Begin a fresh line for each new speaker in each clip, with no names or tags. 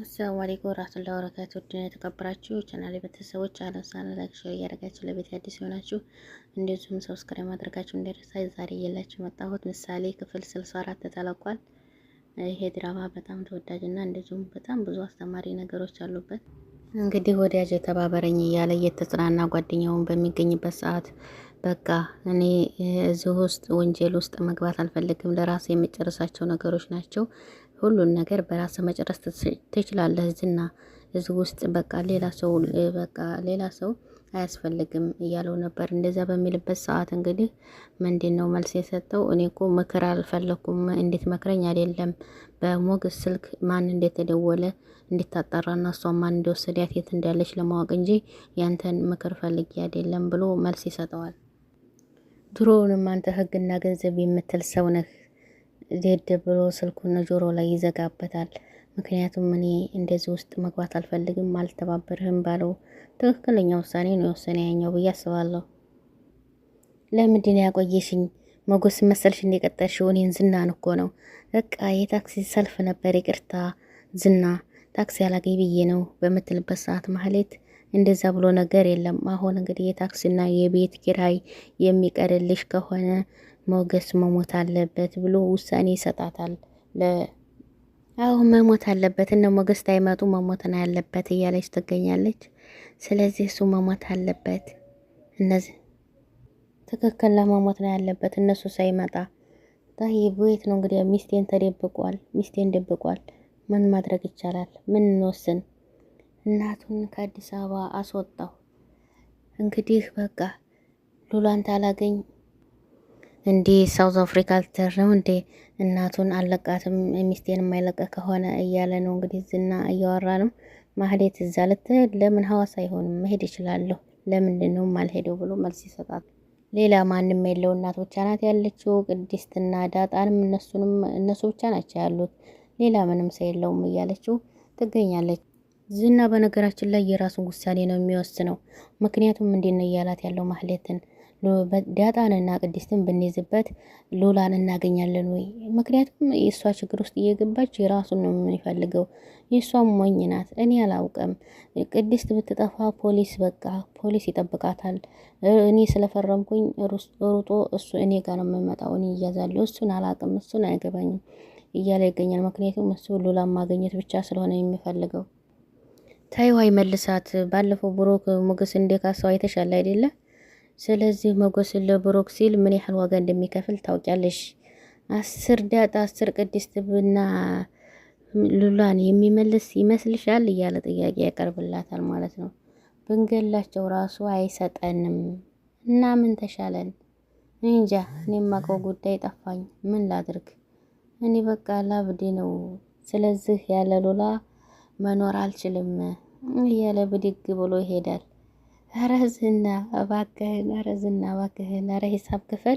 አሰላሙ አለይኩም ወራህመቱላሂ ወበረካቱ። ውድ የተከበራችሁ ቻናል ቤተሰቦች አለም ሳለ ላይክ፣ ሼር እያደረጋችሁ ለቤት አዲስ የሆናችሁ እንደዚሁም ሰብስክራይብ ማድረጋችሁ እንደረሳ። ዛሬ እየላችሁ መጣሁት ምሳሌ ክፍል 64 ተለቋል። ይሄ ድራማ በጣም ተወዳጅና እንደዚሁም በጣም ብዙ አስተማሪ ነገሮች አሉበት። እንግዲህ ወዳጅ የተባበረኝ እያለ እየተጽናና ጓደኛውን በሚገኝበት ሰዓት በቃ እኔ እዚህ ውስጥ ወንጀል ውስጥ መግባት አልፈልግም፣ ለራሴ የምጨርሳቸው ነገሮች ናቸው ሁሉን ነገር በራስ መጨረስ ትችላለህ። ዝና እዚህ ውስጥ በቃ ሌላ ሰው በቃ ሌላ ሰው አያስፈልግም እያለው ነበር። እንደዛ በሚልበት ሰዓት እንግዲህ ምንድን ነው መልስ የሰጠው? እኔ እኮ ምክር አልፈለኩም፣ እንዴት መክረኝ አይደለም በሞገስ ስልክ ማን እንደተደወለ እንድታጣራና እሷ ማን እንደወሰዳት የት እንዳለች ለማወቅ እንጂ ያንተን ምክር ፈልጌ አይደለም ብሎ መልስ ይሰጠዋል። ድሮውንም አንተ ህግና ገንዘብ የምትል ሰው ነህ ዜድ ብሎ ስልኩን ጆሮ ላይ ይዘጋበታል። ምክንያቱም እኔ እንደዚህ ውስጥ መግባት አልፈልግም፣ አልተባበርህም ባለው ትክክለኛ ውሳኔ ነው የወሰነ ያኛው ብዬ አስባለሁ። ለምንድን ያቆየሽኝ? መጎስ መሰልሽ እንደቀጠልሽው እኔን ዝናን እኮ ነው። በቃ የታክሲ ሰልፍ ነበር። ይቅርታ ዝና ታክሲ አላገኝ ብዬ ነው በምትልበት ሰዓት ማህሌት እንደዛ ብሎ ነገር የለም። አሁን እንግዲህ የታክሲና የቤት ኪራይ የሚቀርልሽ ከሆነ ሞገስ መሞት አለበት ብሎ ውሳኔ ይሰጣታል። አዎ መሞት አለበት እነ ሞገስ ታይመጡ መሞት ነው ያለበት እያለች ትገኛለች። ስለዚህ እሱ መሞት አለበት፣ እነዚህ ትክክል ለመሞት ነው ያለበት እነሱ ሳይመጣ ታይብ ቤት ነው እንግዲህ ሚስቴን ተደብቋል፣ ሚስቴን ደብቋል። ምን ማድረግ ይቻላል? ምን እንወስን? እናቱን ከአዲስ አበባ አስወጣው። እንግዲህ በቃ ሉላን ታላገኝ እንዲ ሳውዝ አፍሪካ ልትተርም እንዴ እናቱን አለቃትም ሚስቴን የማይለቀ ከሆነ እያለ ነው እንግዲህ ዝና እያወራ ነው። ማህሌት እዛ ልትሄድ ለምን ሀዋሳ አይሆንም መሄድ ይችላለሁ ለምንድን ነው ማልሄደው ብሎ መልስ ይሰጣል። ሌላ ማንም የለው እናት ብቻ ናት ያለችው። ቅድስትና ዳጣንም እነሱንም እነሱ ብቻ ናቸው ያሉት ሌላ ምንም ሰው የለውም እያለችው ትገኛለች። ዝና በነገራችን ላይ የራሱን ውሳኔ ነው የሚወስነው። ምክንያቱም እንዴት ነው እያላት ያለው ማህሌትን ዳጣንና ቅድስትን ብንይዝበት ሎላን እናገኛለን ወይ? ምክንያቱም የእሷ ችግር ውስጥ እየገባች የራሱን ነው የሚፈልገው። የእሷም ሞኝ ናት። እኔ አላውቅም። ቅድስት ብትጠፋ ፖሊስ በቃ ፖሊስ ይጠብቃታል። እኔ ስለፈረምኩኝ ሩጦ እሱ እኔ ጋር ነው የምመጣው፣ እኔ እያዛለሁ፣ እሱን አላውቅም፣ እሱን አይገባኝም እያለ ይገኛል። ምክንያቱም እሱ ሉላን ማግኘት ብቻ ስለሆነ የሚፈልገው። ታይዋይ መልሳት። ባለፈው ብሩክ ሞገስ እንደ ካሰው አይተሻል አይደለ? ስለዚህ ሞገስን ለብሩክ ሲል ምን ያህል ዋጋ እንደሚከፍል ታውቂያለሽ። አስር ዳጣ አስር ቅድስት ብና ሉላን የሚመልስ ይመስልሻል? እያለ ጥያቄ ያቀርብላታል ማለት ነው። ብንገላቸው ራሱ አይሰጠንም እና ምን ተሻለን? እንጃ እኔ የማውቀው ጉዳይ ጠፋኝ። ምን ላድርግ እኔ በቃ ላብድ ነው። ስለዚህ ያለ ሉላ መኖር አልችልም እያለ ብድግ ብሎ ይሄዳል። ኧረ ዝና እባክህን፣ ኧረ ዝና እባክህን፣ ኧረ ሂሳብ ክፍል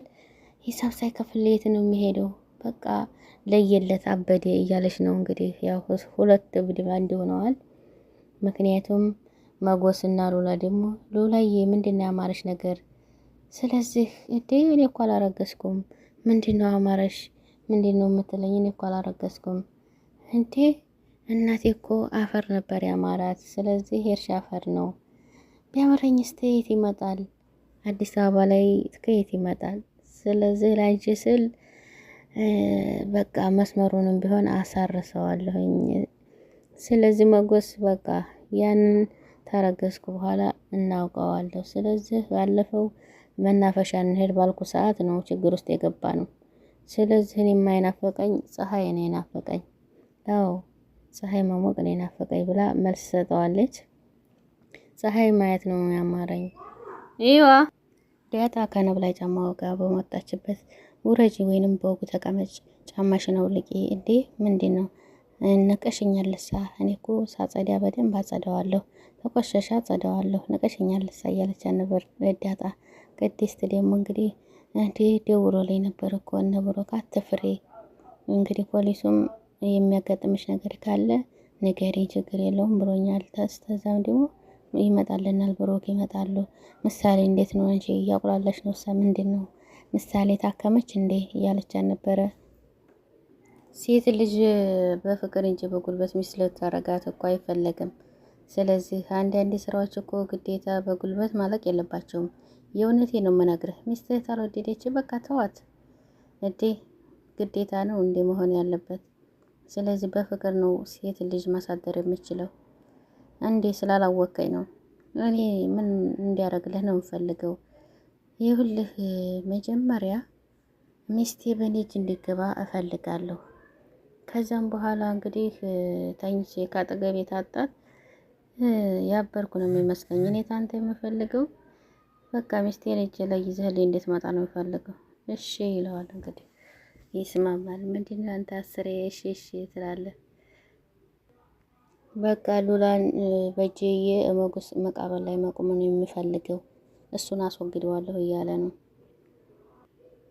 ሂሳብ ሳይከፍል የት ነው የሚሄደው? በቃ ለየለት አበዴ እያለች ነው እንግዲህ። ያው ሁለት እብድ ባንድ ሆነዋል። ምክንያቱም መጎስና ሉላ ደግሞ ሉላዬ ምንድን ነው ያማረሽ ነገር? ስለዚህ እንዴ እኔ እኮ አላረገዝኩም። ምንድን ነው አማረሽ? ምንድን ነው የምትለኝ? እኔ እኮ አላረገዝኩም። እንዴ እናቴ እኮ አፈር ነበር ያማራት። ስለዚህ የእርሻ አፈር ነው ቢያምረኝ ከየት ይመጣል? አዲስ አበባ ላይ ከየት ይመጣል? ስለዚህ ላንቺ ስል በቃ መስመሩንም ቢሆን አሳርሰዋለሁኝ። ስለዚህ መጎስ በቃ ያንን ተረገዝኩ በኋላ እናውቀዋለሁ። ስለዚህ ባለፈው መናፈሻ እንሄድ ባልኩ ሰዓት ነው ችግር ውስጥ የገባ ነው። ስለዚህ እኔ የማይናፈቀኝ ፀሐይ ነው የናፈቀኝ። አዎ ፀሐይ መሞቅ ነው የናፈቀኝ ብላ መልስ ሰጠዋለች። ፀሐይ ማየት ነው ያማረኝ። ይዋ ዳያት ከነብ ላይ ጫማው ጋር በመጣችበት ውረጂ ወይንም በወጉ ተቀመጭ፣ ጫማሽን አውልቂ። እንዴ ምንድን ነው ነቀሽኛል? ልሳ እኔ እኮ ሳጸዳ በደንብ አጸዳዋለሁ፣ ተቆሸሻ አጸዳዋለሁ፣ ነቀሽኛል ልሳ እያለች ነበር ዳጣ። ቅድስት ደግሞ እንግዲህ እንዴ ደውሎ ላይ ነበር እኮ እነ ብሮክ አትፍሬ፣ እንግዲህ ፖሊሱም የሚያጋጥምሽ ነገር ካለ ንገሪ፣ ችግር የለውም ብሎኛል። ተስተዛም ደግሞ ይመጣልናል። ብሩክ ይመጣሉ። ምሳሌ እንዴት ነው አንቺ እያቁላለች ነው? እሷ ምንድን ነው ምሳሌ ታከመች እንዴ እያለች ነበረ። ሴት ልጅ በፍቅር እንጂ በጉልበት ሚስት ልታረጋት እኮ አይፈለግም። ስለዚህ አንዳንድ ስራዎች እኮ ግዴታ በጉልበት ማለቅ የለባቸውም። የእውነቴ ነው የምነግርህ። ሚስትህ አልወደደች፣ በቃ ተዋት እንዴ። ግዴታ ነው እንዴ መሆን ያለበት? ስለዚህ በፍቅር ነው ሴት ልጅ ማሳደር የምችለው። እንዴ ስላላወቀኝ ነው። እኔ ምን እንዲያደርግልህ ነው የምፈልገው? ይሁልህ መጀመሪያ ሚስቴ በእኔ እጅ እንዲገባ እፈልጋለሁ። ከዚያም በኋላ እንግዲህ ተኝቼ ካጠገቤ የታጣት ያበርኩ ነው የሚመስለኝ። እኔ ታንተ የምፈልገው በቃ ሚስቴን እጅ ላይ ይዘህልኝ እንዴት መጣ ነው የምፈልገው። እሺ ይለዋል እንግዲህ ይስማማል። ምንድን ነው አንተ አስሬ እሺ እሺ ትላለህ በቃ ሉላን በእጅዬ ሞገስ መቃብር ላይ መቆም ነው የምፈልገው፣ እሱን አስወግደዋለሁ እያለ ነው።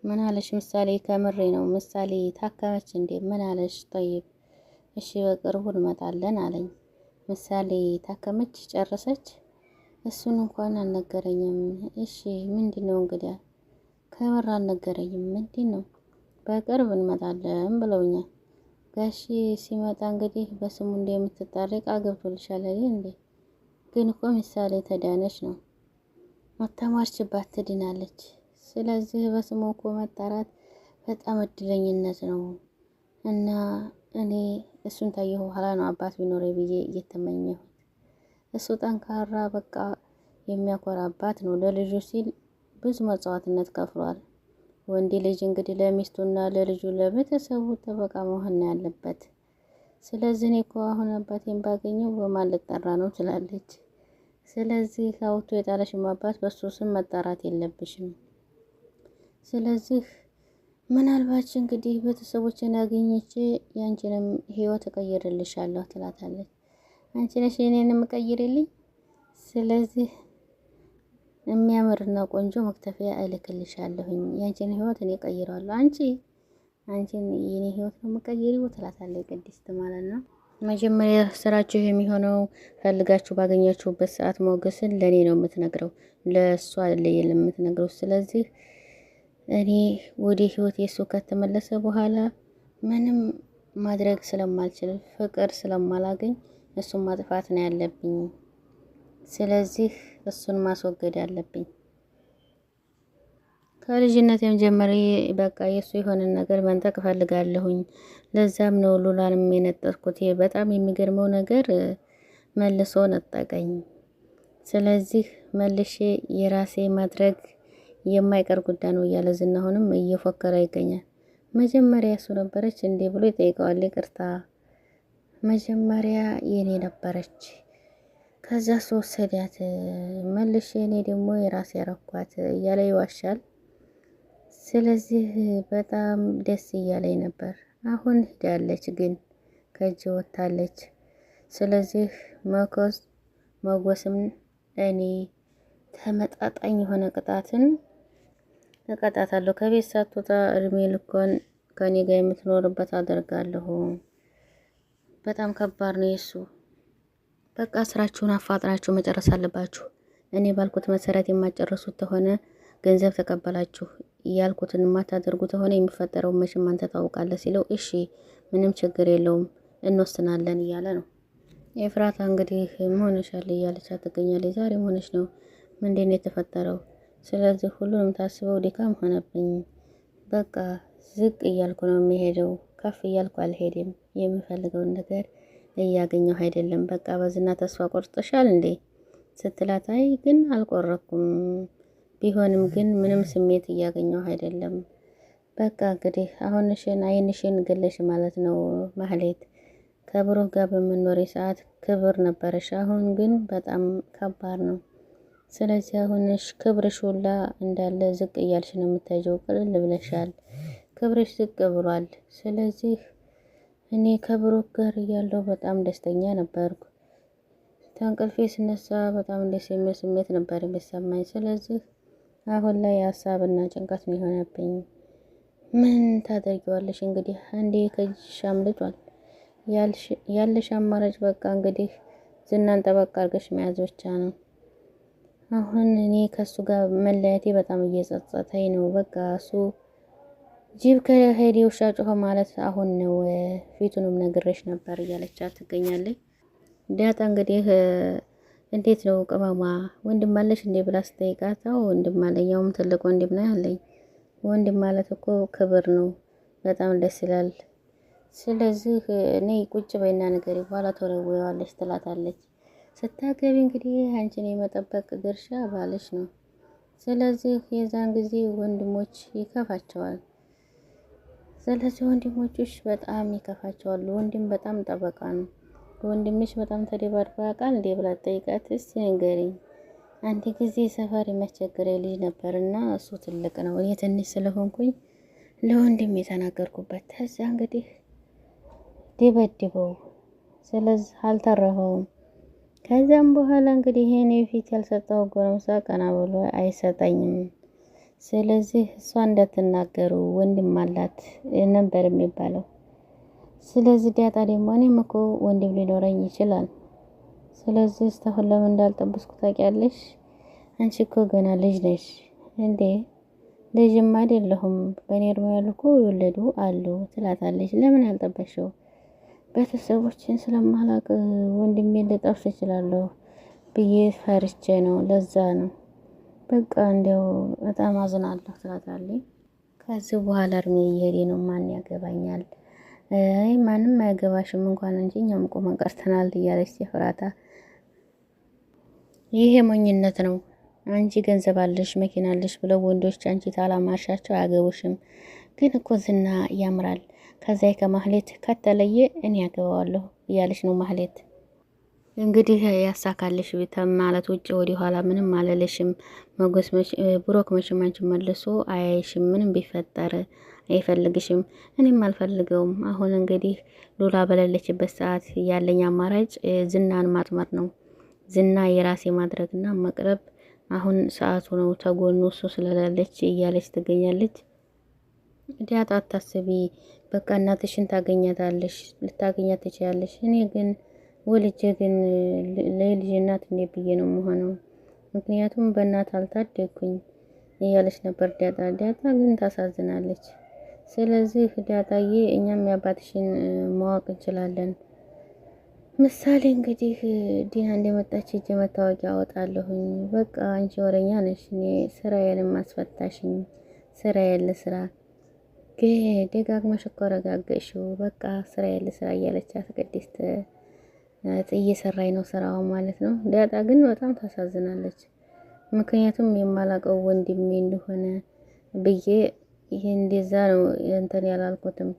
ምን አለሽ ምሳሌ? ከምሬ ነው ምሳሌ ታከመች እንዴ? ምን አለሽ? ጠይብ እሺ፣ በቅርቡ እንመጣለን አለኝ። ምሳሌ ታከመች? ጨረሰች? እሱን እንኳን አልነገረኝም። እሺ ምንድን ነው እንግዲያ? ከምር አልነገረኝም። ምንድን ነው? በቅርብ እንመጣለን ብለውኛል። ጋሺ ሲመጣ እንግዲህ በስሙ እንደምትጣረቅ አገብቶልሻል እንዴ? ግን እኮ ምሳሌ ተዳነች ነው መተማርችባት ትድናለች። ስለዚህ በስሙ እኮ መጣራት በጣም እድለኝነት ነው እና እኔ እሱን ታየሁ በኋላ ነው አባት ቢኖረ ብዬ እየተመኘሁት። እሱ ጠንካራ በቃ የሚያኮራ አባት ነው። ለልጁ ሲል ብዙ መጽዋዕትነት ከፍሏል። ወንድ ልጅ እንግዲህ ለሚስቱና ለልጁ ለቤተሰቡ ጥበቃ መሆን ያለበት። ስለዚህ እኔ እኮ አሁን አባቴን ባገኘው በማን ልጠራ ነው ትላለች። ስለዚህ አውቶ የጣለሽም አባት በሱ ስም መጠራት የለብሽም። ስለዚህ ምናልባች እንግዲህ ቤተሰቦችን አገኘች ያንቺንም ህይወት እቀይርልሻለሁ ትላታለች። አንቺ ነሽ እኔንም እቀይርልኝ። ስለዚህ የሚያምርና ቆንጆ መክተፊያ እልክልሻለሁኝ ያንቺን ህይወት እኔ ቀይረዋለሁ። አንቺ አንቺን የኔ ህይወት ነው የምቀይሪው ትላታለች ቅድስት ማለት ነው። መጀመሪያ ስራችሁ የሚሆነው ፈልጋችሁ ባገኛችሁበት ሰዓት ሞገስን ለእኔ ነው የምትነግረው፣ ለእሱ ለየለ የምትነግረው። ስለዚህ እኔ ወደ ህይወት የእሱ ከተመለሰ በኋላ ምንም ማድረግ ስለማልችል ፍቅር ስለማላገኝ እሱን ማጥፋት ነው ያለብኝ ስለዚህ እሱን ማስወገድ አለብኝ። ከልጅነት የመጀመሪ በቃ የእሱ የሆነን ነገር መንጠቅ እፈልጋለሁኝ። ለዛም ነው ሉላንም የነጠርኩት። በጣም የሚገርመው ነገር መልሶ ነጠቀኝ። ስለዚህ መልሼ የራሴ ማድረግ የማይቀር ጉዳይ ነው እያለ ዝና እየፎከረ ይገኛል። መጀመሪያ እሱ ነበረች እንዴ ብሎ ይጠይቀዋል። ይቅርታ መጀመሪያ የኔ ነበረች ከዛ ሶስት መልሽ እኔ ደግሞ የራሴ ያረኳት እያለ ይዋሻል። ስለዚህ በጣም ደስ እያለኝ ነበር። አሁን ሂዳለች፣ ግን ከእጅ ወታለች። ስለዚህ መኮዝ መጎስም እኔ ተመጣጣኝ የሆነ ቅጣትን እቀጣታለሁ። ከቤት ሳትወጣ እድሜ ልኮን ከኔ ጋር የምትኖርበት አደርጋለሁ። በጣም ከባድ ነው የሱ በቃ ስራችሁን አፋጥናችሁ መጨረስ አለባችሁ። እኔ ባልኩት መሰረት የማጨረሱት ተሆነ ገንዘብ ተቀበላችሁ እያልኩትን የማታደርጉ ተሆነ የሚፈጠረው መቼም አንተ ታውቃለህ ሲለው፣ እሺ ምንም ችግር የለውም እንወስናለን እያለ ነው። የፍራታ እንግዲህ መሆነሻል እያለች ትገኛለች። ዛሬ መሆነች ነው ምንድን ነው የተፈጠረው? ስለዚህ ሁሉንም ታስበው ድካም ሆነብኝ። በቃ ዝቅ እያልኩ ነው የሚሄደው፣ ከፍ እያልኩ አልሄድም። የምፈልገውን ነገር እያገኘሁ አይደለም፣ በቃ በዝና ተስፋ ቆርጠሻል እንዴ ስትላት፣ አይ ግን አልቆረኩም፣ ቢሆንም ግን ምንም ስሜት እያገኘሁ አይደለም። በቃ እንግዲህ አሁንሽን አይንሽን ግለሽ ማለት ነው ማህሌት። ከብሩህ ጋር በምኖሬ ሰዓት ክብር ነበረሽ፣ አሁን ግን በጣም ከባድ ነው። ስለዚህ አሁንሽ ክብርሽ ሁላ እንዳለ ዝቅ እያልሽ ነው የምታየው። ቅልል ብለሻል፣ ክብርሽ ዝቅ ብሏል። ስለዚህ እኔ ከብሩክ ጋር እያለሁ በጣም ደስተኛ ነበርኩ። ተንቅልፌ ስነሳ በጣም ደስ የሚል ስሜት ነበር የሚሰማኝ። ስለዚህ አሁን ላይ ሀሳብና ጭንቀት ነው የሆነብኝ። ምን ታደርጊዋለሽ እንግዲህ አንዴ ከእጅሽ አምልጧል ያለሽ አማራጭ በቃ እንግዲህ ዝናን ጠበቅ አድርገሽ መያዝ ብቻ ነው። አሁን እኔ ከሱ ጋር መለያቴ በጣም እየጸጸተኝ ነው። በቃ እሱ ጅብ ከሄደ ውሻ ጮኸ ማለት አሁን ነው። ፊቱንም ነግሬሽ ነበር እያለቻ ትገኛለች። ዳጣ እንግዲህ እንዴት ነው ቅመማ ወንድም አለሽ እንዴ ብላ ስጠይቃት፣ አዎ ወንድም አለኝ፣ ያውም ትልቅ ወንድም ነው ያለኝ። ወንድም ማለት እኮ ክብር ነው፣ በጣም ደስ ይላል። ስለዚህ እኔ ቁጭ በይና ነገር በኋላ ተወረወዋለች ትላታለች። ስታገቢ እንግዲህ አንቺን የመጠበቅ ድርሻ ባልሽ ነው። ስለዚህ የዛን ጊዜ ወንድሞች ይከፋቸዋል። ስለዚህ ወንድሞችሽ በጣም ይከፋቸዋሉ። ወንድም በጣም ጠበቃ ነው። ወንድምሽ በጣም ተደባድባ ቃል እንዴ ብላ ጠይቃት እስቲ ንገሪኝ። አንድ ጊዜ ሰፈር የሚያስቸግረ ልጅ ነበርና እሱ ትልቅ ነው፣ እኔ ትንሽ ስለሆንኩኝ ለወንድም የተናገርኩበት ተዛ እንግዲህ ደበድበው፣ ስለዚህ አልተረፈውም። ከዚያም በኋላ እንግዲህ ይሄን የፊት ያልሰጠው ጎረምሳ ቀና ብሎ አይሰጠኝም ስለዚህ እሷ እንዳትናገሩ ወንድም አላት ነበር የሚባለው። ስለዚህ ዳጣ ደግሞ እኔም እኮ ወንድም ሊኖረኝ ይችላል። ስለዚህ እስካሁን ለምን እንዳልጠበስኩ ታውቂያለሽ? አንቺ እኮ ገና ልጅ ነሽ እንዴ? ልጅም አይደለሁም በእኔ እድሜ ያሉ እኮ የወለዱ አሉ ትላታለች። ለምን ያልጠበሽው? ቤተሰቦችን ስለማላቅ ወንድሜ ልጠብስ እችላለሁ ብዬ ፈርቼ ነው። ለዛ ነው በቃ እንዲያው በጣም አዝናለሁ ትላታለች። ከዚህ በኋላ እርሜ እየሄደ ነው ማን ያገባኛል? አይ ማንም አያገባሽም እንኳን እንጂ እኛም ቆመን ቀርተናል እያለች ሲፍራታ፣ ይሄ ሞኝነት ነው። አንቺ ገንዘብ አለሽ መኪና አለሽ ብለው ወንዶች አንቺ ታላማሻቸው አያገቡሽም። ግን እኮ ዝና ያምራል። ከዛ ከማህሌት ከተለየ እኔ ያገባዋለሁ እያለች ነው ማህሌት እንግዲህ ያሳካልሽ ማለት ውጭ ወዲህ ኋላ ምንም አለለሽም። መጎስ ብሮክ መቼም መልሶ አያይሽም። ምንም ቢፈጠር አይፈልግሽም። እኔም አልፈልገውም። አሁን እንግዲህ ሉላ በሌለችበት ሰዓት ያለኝ አማራጭ ዝናን ማጥመር ነው። ዝና የራሴ ማድረግና መቅረብ አሁን ሰዓቱ ነው። ተጎኑ እሱ ስለሌለች እያለች ትገኛለች። ዳጣ አታስቢ፣ በቃ እናትሽን ታገኛታለሽ፣ ልታገኛት ትችያለሽ። እኔ ግን ወልጄ ግን ለልጅ እናት እንዴት ብዬ ነው መሆነው ምክንያቱም በእናት አልታደግኩኝ እያለች ነበር ዳጣ። ዳጣ ግን ታሳዝናለች። ስለዚህ ዳጣዬ እኛም የአባትሽን ማወቅ እንችላለን። ምሳሌ እንግዲህ ዲና እንደመጣች እጅ መታወቂያ አወጣለሁኝ። በቃ አንቺ ወረኛ ነሽ፣ እኔ ስራዬንም አስፈታሽኝ። ስራ ያለ ስራ ደጋግመሽ እኮ ረጋገሽው። በቃ ስራ ያለ ስራ እያለቻት ቅድስት እየሰራኝ ነው ስራው ማለት ነው። ዳጣ ግን በጣም ታሳዝናለች። ምክንያቱም የማላቀው ወንድሜ እንደሆነ ብዬ ይሄ እንደዛ ነው እንትን ያላልኩትም